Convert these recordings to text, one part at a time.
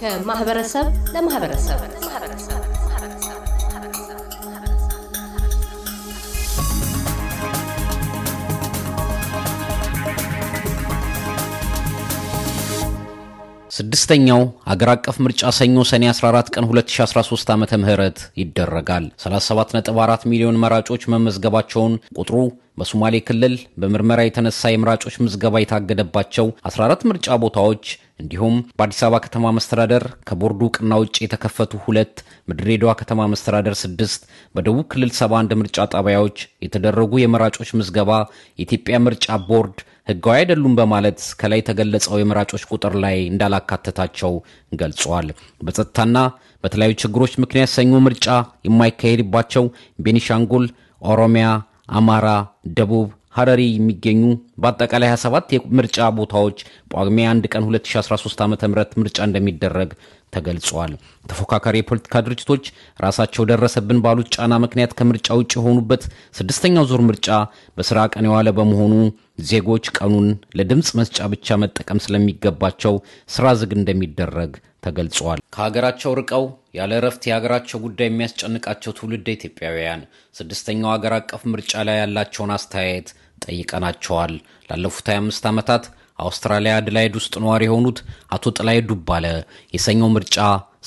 ከማህበረሰብ ለማህበረሰብ ስድስተኛው አገር አቀፍ ምርጫ ሰኞ ሰኔ 14 ቀን 2013 ዓ ምህረት ይደረጋል። 37.4 ሚሊዮን መራጮች መመዝገባቸውን ቁጥሩ በሶማሌ ክልል በምርመራ የተነሳ የመራጮች ምዝገባ የታገደባቸው 14 ምርጫ ቦታዎች እንዲሁም በአዲስ አበባ ከተማ መስተዳደር ከቦርዱ እውቅና ውጭ የተከፈቱ ሁለት፣ በድሬዳዋ ከተማ መስተዳደር ስድስት፣ በደቡብ ክልል 71 ምርጫ ጣቢያዎች የተደረጉ የመራጮች ምዝገባ የኢትዮጵያ ምርጫ ቦርድ ህጋዊ አይደሉም በማለት ከላይ ተገለጸው የመራጮች ቁጥር ላይ እንዳላካተታቸው ገልጿል። በጸጥታና በተለያዩ ችግሮች ምክንያት ሰኞ ምርጫ የማይካሄድባቸው ቤኒሻንጉል፣ ኦሮሚያ፣ አማራ፣ ደቡብ ሐረሪ የሚገኙ በአጠቃላይ 27 የምርጫ ቦታዎች ጳጉሜ 1 ቀን 2013 ዓ ም ምርጫ እንደሚደረግ ተገልጿል። ተፎካካሪ የፖለቲካ ድርጅቶች ራሳቸው ደረሰብን ባሉት ጫና ምክንያት ከምርጫ ውጭ የሆኑበት ስድስተኛው ዙር ምርጫ በስራ ቀን የዋለ በመሆኑ ዜጎች ቀኑን ለድምፅ መስጫ ብቻ መጠቀም ስለሚገባቸው ስራ ዝግ እንደሚደረግ ተገልጿል። ከሀገራቸው ርቀው ያለ እረፍት የሀገራቸው ጉዳይ የሚያስጨንቃቸው ትውልደ ኢትዮጵያውያን ስድስተኛው ሀገር አቀፍ ምርጫ ላይ ያላቸውን አስተያየት ጠይቀናቸዋል። ላለፉት 25 ዓመታት አውስትራሊያ አድላይድ ውስጥ ነዋሪ የሆኑት አቶ ጥላይ ዱባለ የሰኞው ምርጫ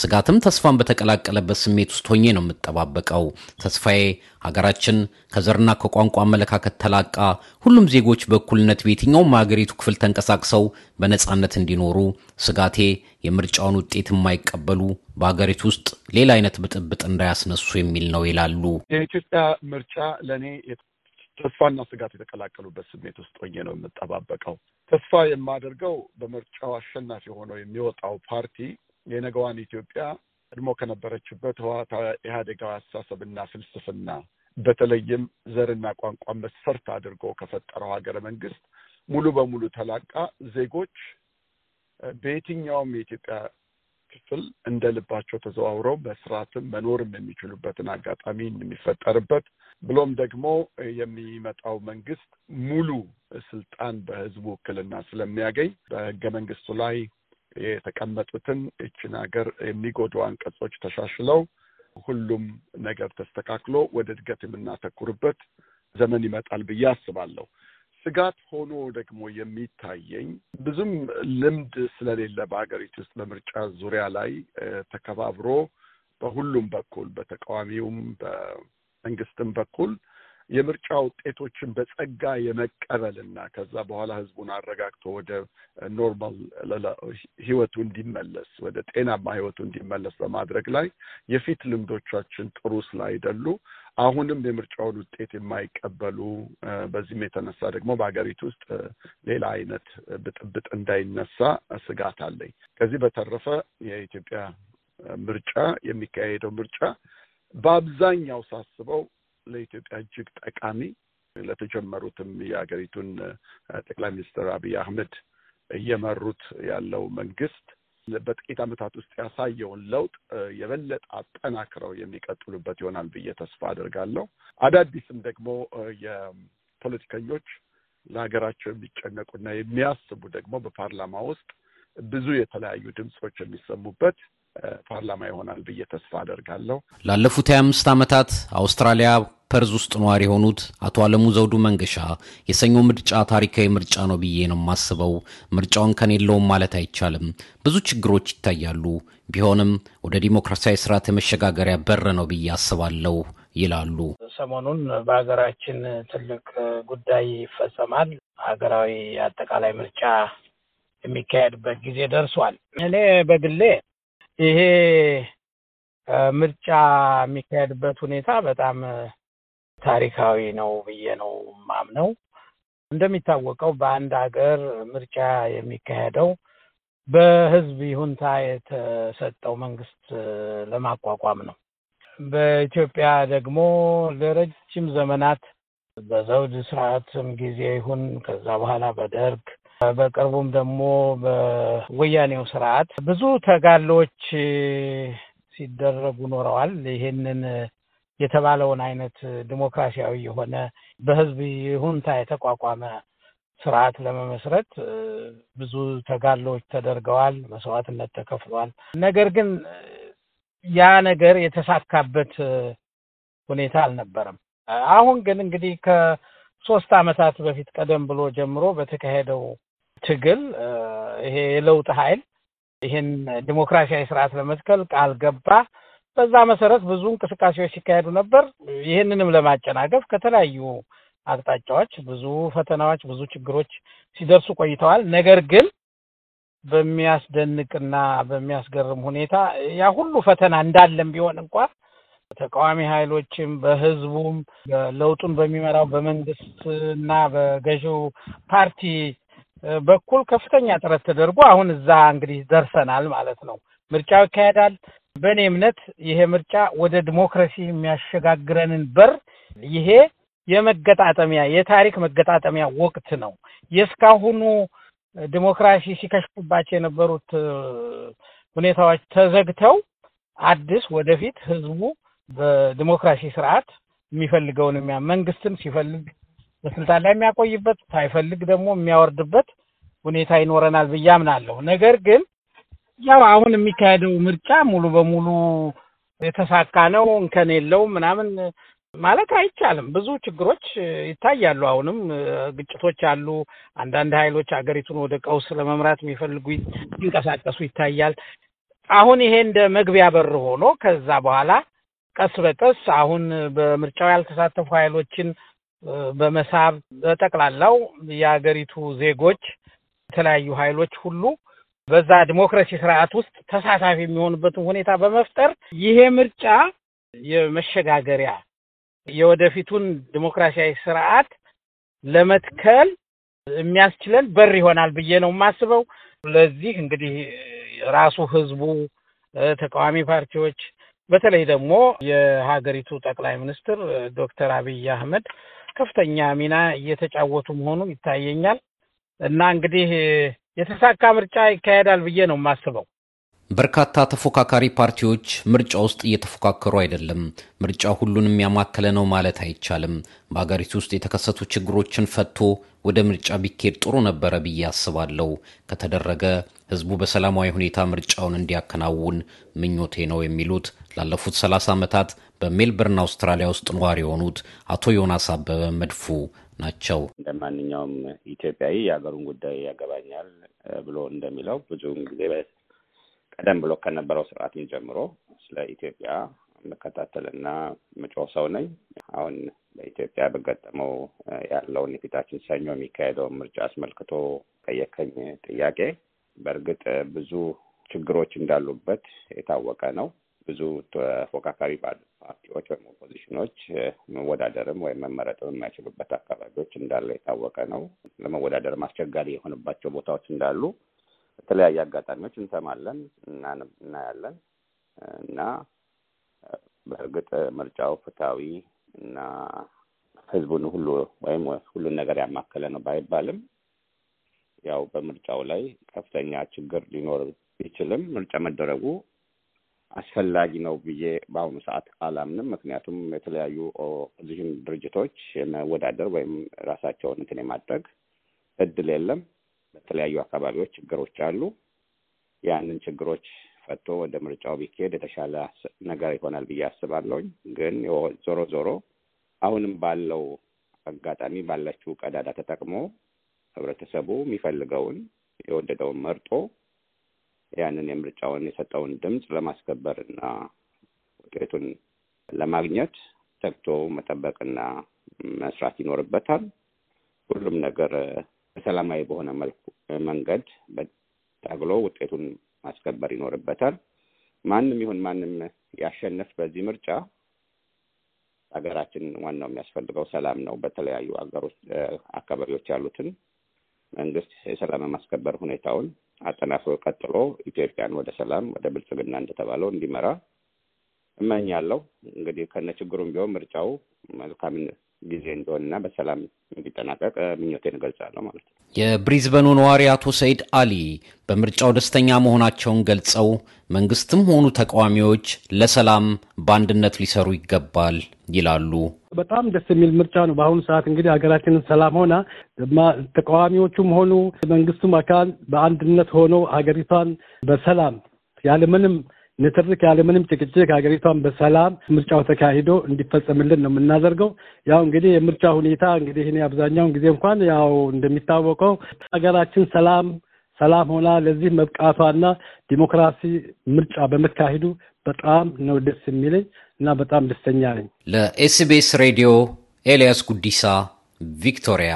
ስጋትም ተስፋን በተቀላቀለበት ስሜት ውስጥ ሆኜ ነው የምጠባበቀው። ተስፋዬ ሀገራችን ከዘርና ከቋንቋ አመለካከት ተላቃ ሁሉም ዜጎች በእኩልነት በየትኛውም ሀገሪቱ ክፍል ተንቀሳቅሰው በነፃነት እንዲኖሩ፣ ስጋቴ የምርጫውን ውጤት የማይቀበሉ በሀገሪቱ ውስጥ ሌላ አይነት ብጥብጥ እንዳያስነሱ የሚል ነው ይላሉ። የኢትዮጵያ ምርጫ ለእኔ ተስፋና ስጋት የተቀላቀሉበት ስሜት ውስጥ ሆኜ ነው የምጠባበቀው። ተስፋ የማደርገው በምርጫው አሸናፊ ሆነው የሚወጣው ፓርቲ የነገዋን ኢትዮጵያ ቀድሞ ከነበረችበት ህወሓታዊ ኢህአዴጋዊ አስተሳሰብና ፍልስፍና በተለይም ዘርና ቋንቋ መስፈርት አድርጎ ከፈጠረው ሀገረ መንግስት ሙሉ በሙሉ ተላቃ ዜጎች በየትኛውም የኢትዮጵያ ክፍል እንደ ልባቸው ተዘዋውረው መስራትም መኖርም የሚችሉበትን አጋጣሚ የሚፈጠርበት ብሎም ደግሞ የሚመጣው መንግስት ሙሉ ስልጣን በህዝቡ ውክልና ስለሚያገኝ በህገ መንግስቱ ላይ የተቀመጡትን እችን ሀገር የሚጎዱ አንቀጾች ተሻሽለው ሁሉም ነገር ተስተካክሎ ወደ እድገት የምናተኩርበት ዘመን ይመጣል ብዬ አስባለሁ። ስጋት ሆኖ ደግሞ የሚታየኝ ብዙም ልምድ ስለሌለ በሀገሪቱ ውስጥ በምርጫ ዙሪያ ላይ ተከባብሮ በሁሉም በኩል በተቃዋሚውም መንግስትም በኩል የምርጫ ውጤቶችን በጸጋ እና ከዛ በኋላ ህዝቡን አረጋግቶ ወደ ኖርማል ህይወቱ እንዲመለስ ወደ ጤናማ ህይወቱ እንዲመለስ በማድረግ ላይ የፊት ልምዶቻችን ጥሩ ስላይደሉ አሁንም የምርጫውን ውጤት የማይቀበሉ በዚህም የተነሳ ደግሞ በሀገሪቱ ውስጥ ሌላ አይነት ብጥብጥ እንዳይነሳ ስጋት አለኝ። ከዚህ በተረፈ የኢትዮጵያ ምርጫ የሚካሄደው ምርጫ በአብዛኛው ሳስበው ለኢትዮጵያ እጅግ ጠቃሚ ለተጀመሩትም የሀገሪቱን ጠቅላይ ሚኒስትር አብይ አህመድ እየመሩት ያለው መንግስት በጥቂት ዓመታት ውስጥ ያሳየውን ለውጥ የበለጠ አጠናክረው የሚቀጥሉበት ይሆናል ብዬ ተስፋ አድርጋለሁ። አዳዲስም ደግሞ የፖለቲከኞች ለሀገራቸው የሚጨነቁና የሚያስቡ ደግሞ በፓርላማ ውስጥ ብዙ የተለያዩ ድምፆች የሚሰሙበት ፓርላማ ይሆናል ብዬ ተስፋ አደርጋለሁ። ላለፉት 25 አምስት ዓመታት አውስትራሊያ ፐርዝ ውስጥ ነዋሪ የሆኑት አቶ አለሙ ዘውዱ መንገሻ የሰኞ ምርጫ ታሪካዊ ምርጫ ነው ብዬ ነው የማስበው። ምርጫውን ከኔለውም ማለት አይቻልም። ብዙ ችግሮች ይታያሉ። ቢሆንም ወደ ዲሞክራሲያዊ ስርዓት የመሸጋገሪያ በር ነው ብዬ አስባለሁ ይላሉ። ሰሞኑን በሀገራችን ትልቅ ጉዳይ ይፈጸማል። ሀገራዊ አጠቃላይ ምርጫ የሚካሄድበት ጊዜ ደርሷል። እኔ በግሌ ይሄ ምርጫ የሚካሄድበት ሁኔታ በጣም ታሪካዊ ነው ብዬ ነው ማምነው። እንደሚታወቀው በአንድ ሀገር ምርጫ የሚካሄደው በህዝብ ይሁንታ የተሰጠው መንግስት ለማቋቋም ነው። በኢትዮጵያ ደግሞ ለረጅም ዘመናት በዘውድ ስርዓትም ጊዜ ይሁን ከዛ በኋላ በደርግ በቅርቡም ደግሞ በወያኔው ስርዓት ብዙ ተጋሎች ሲደረጉ ኖረዋል። ይሄንን የተባለውን አይነት ዲሞክራሲያዊ የሆነ በህዝብ ይሁንታ የተቋቋመ ስርዓት ለመመስረት ብዙ ተጋሎች ተደርገዋል፣ መስዋዕትነት ተከፍሏል። ነገር ግን ያ ነገር የተሳካበት ሁኔታ አልነበረም። አሁን ግን እንግዲህ ከሶስት ዓመታት በፊት ቀደም ብሎ ጀምሮ በተካሄደው ትግል ይሄ የለውጥ ኃይል ይህን ዲሞክራሲያዊ ስርዓት ለመትከል ቃል ገባ። በዛ መሰረት ብዙ እንቅስቃሴዎች ሲካሄዱ ነበር። ይህንንም ለማጨናገፍ ከተለያዩ አቅጣጫዎች ብዙ ፈተናዎች፣ ብዙ ችግሮች ሲደርሱ ቆይተዋል። ነገር ግን በሚያስደንቅና በሚያስገርም ሁኔታ ያ ሁሉ ፈተና እንዳለም ቢሆን እንኳ ተቃዋሚ ኃይሎችም በህዝቡም ለውጡን በሚመራው በመንግስት እና በገዢው ፓርቲ በኩል ከፍተኛ ጥረት ተደርጎ አሁን እዛ እንግዲህ ደርሰናል ማለት ነው። ምርጫው ይካሄዳል። በእኔ እምነት ይሄ ምርጫ ወደ ዲሞክራሲ የሚያሸጋግረንን በር ይሄ የመገጣጠሚያ የታሪክ መገጣጠሚያ ወቅት ነው። የእስካሁኑ ዲሞክራሲ ሲከሽፉባቸው የነበሩት ሁኔታዎች ተዘግተው አዲስ ወደፊት ህዝቡ በዲሞክራሲ ስርዓት የሚፈልገውን መንግስትም ሲፈልግ በስልጣን ላይ የሚያቆይበት ሳይፈልግ ደግሞ የሚያወርድበት ሁኔታ ይኖረናል ብዬ አምናለሁ። ነገር ግን ያው አሁን የሚካሄደው ምርጫ ሙሉ በሙሉ የተሳካ ነው እንከን የለውም ምናምን ማለት አይቻልም። ብዙ ችግሮች ይታያሉ። አሁንም ግጭቶች አሉ። አንዳንድ ኃይሎች ሀገሪቱን ወደ ቀውስ ለመምራት የሚፈልጉ ይንቀሳቀሱ ይታያል። አሁን ይሄ እንደ መግቢያ በር ሆኖ ከዛ በኋላ ቀስ በቀስ አሁን በምርጫው ያልተሳተፉ ኃይሎችን በመሳብ በጠቅላላው የሀገሪቱ ዜጎች የተለያዩ ኃይሎች ሁሉ በዛ ዲሞክራሲ ስርዓት ውስጥ ተሳታፊ የሚሆንበትን ሁኔታ በመፍጠር ይሄ ምርጫ የመሸጋገሪያ የወደፊቱን ዲሞክራሲያዊ ስርዓት ለመትከል የሚያስችለን በር ይሆናል ብዬ ነው የማስበው። ለዚህ እንግዲህ ራሱ ህዝቡ፣ ተቃዋሚ ፓርቲዎች፣ በተለይ ደግሞ የሀገሪቱ ጠቅላይ ሚኒስትር ዶክተር አብይ አህመድ ከፍተኛ ሚና እየተጫወቱ መሆኑ ይታየኛል እና እንግዲህ የተሳካ ምርጫ ይካሄዳል ብዬ ነው የማስበው። በርካታ ተፎካካሪ ፓርቲዎች ምርጫ ውስጥ እየተፎካከሩ አይደለም። ምርጫ ሁሉንም ያማከለ ነው ማለት አይቻልም። በሀገሪቱ ውስጥ የተከሰቱ ችግሮችን ፈቶ ወደ ምርጫ ቢኬድ ጥሩ ነበረ ብዬ አስባለሁ። ከተደረገ ህዝቡ በሰላማዊ ሁኔታ ምርጫውን እንዲያከናውን ምኞቴ ነው የሚሉት ላለፉት ሰላሳ ዓመታት በሜልበርን አውስትራሊያ ውስጥ ነዋሪ የሆኑት አቶ ዮናስ አበበ መድፉ ናቸው። እንደ ማንኛውም ኢትዮጵያዊ የሀገሩን ጉዳይ ያገባኛል ብሎ እንደሚለው ብዙውን ጊዜ ቀደም ብሎ ከነበረው ስርዓትን ጀምሮ ስለ ኢትዮጵያ መከታተልና ምጮ ሰው ነኝ። አሁን በኢትዮጵያ በገጠመው ያለውን የፊታችን ሰኞ የሚካሄደውን ምርጫ አስመልክቶ ጠየከኝ ጥያቄ በእርግጥ ብዙ ችግሮች እንዳሉበት የታወቀ ነው። ብዙ ተፎካካሪ ፓርቲዎች ወይም ኦፖዚሽኖች መወዳደርም ወይም መመረጥም የማይችሉበት አካባቢዎች እንዳለ የታወቀ ነው። ለመወዳደርም አስቸጋሪ የሆነባቸው ቦታዎች እንዳሉ በተለያየ አጋጣሚዎች እንሰማለን፣ እናያለን እና በእርግጥ ምርጫው ፍትሐዊ እና ህዝቡን ሁሉ ወይም ሁሉን ነገር ያማከለ ነው ባይባልም ያው በምርጫው ላይ ከፍተኛ ችግር ሊኖር ቢችልም ምርጫ መደረጉ አስፈላጊ ነው ብዬ በአሁኑ ሰዓት አላምንም። ምክንያቱም የተለያዩ ኦፖዚሽን ድርጅቶች የመወዳደር ወይም ራሳቸውን እንትን የማድረግ እድል የለም። በተለያዩ አካባቢዎች ችግሮች አሉ። ያንን ችግሮች ፈቶ ወደ ምርጫው ቢካሄድ የተሻለ ነገር ይሆናል ብዬ አስባለሁኝ። ግን ዞሮ ዞሮ አሁንም ባለው አጋጣሚ ባላችሁ ቀዳዳ ተጠቅሞ ህብረተሰቡ የሚፈልገውን የወደደውን መርጦ ያንን የምርጫውን የሰጠውን ድምፅ ለማስከበር እና ውጤቱን ለማግኘት ተግቶ መጠበቅና መስራት ይኖርበታል። ሁሉም ነገር በሰላማዊ በሆነ መልኩ መንገድ ታግሎ ውጤቱን ማስከበር ይኖርበታል። ማንም ይሁን ማንም ያሸንፍ በዚህ ምርጫ ሀገራችን ዋናው የሚያስፈልገው ሰላም ነው። በተለያዩ ሀገሮች አካባቢዎች ያሉትን የሰላም የማስከበር ሁኔታውን አጠናክሮ ቀጥሎ ኢትዮጵያን ወደ ሰላም ወደ ብልጽግና እንደተባለው እንዲመራ እመኛለሁ። እንግዲህ ከነ ችግሩም ቢሆን ምርጫው መልካምነት ጊዜ እንደሆነና በሰላም እንዲጠናቀቅ ምኞቴን እገልጻለሁ ማለት ነው። የብሪዝበኑ ነዋሪ አቶ ሰይድ አሊ በምርጫው ደስተኛ መሆናቸውን ገልጸው መንግስትም ሆኑ ተቃዋሚዎች ለሰላም በአንድነት ሊሰሩ ይገባል ይላሉ። በጣም ደስ የሚል ምርጫ ነው። በአሁኑ ሰዓት እንግዲህ ሀገራችንን ሰላም ሆና ተቃዋሚዎቹም ሆኑ መንግስቱም አካል በአንድነት ሆኖ ሀገሪቷን በሰላም ያለምንም ንትርክ ያለምንም ጭቅጭቅ ሀገሪቷን በሰላም ምርጫው ተካሂዶ እንዲፈጸምልን ነው የምናደርገው። ያው እንግዲህ የምርጫ ሁኔታ እንግዲህ እኔ አብዛኛውን ጊዜ እንኳን ያው እንደሚታወቀው ሀገራችን ሰላም ሰላም ሆና ለዚህ መብቃቷና ዲሞክራሲ ምርጫ በመካሄዱ በጣም ነው ደስ የሚለኝ እና በጣም ደስተኛ ነኝ። ለኤስቢኤስ ሬዲዮ ኤልያስ ጉዲሳ ቪክቶሪያ።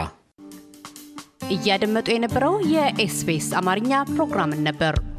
እያደመጡ የነበረው የኤስቢኤስ አማርኛ ፕሮግራምን ነበር።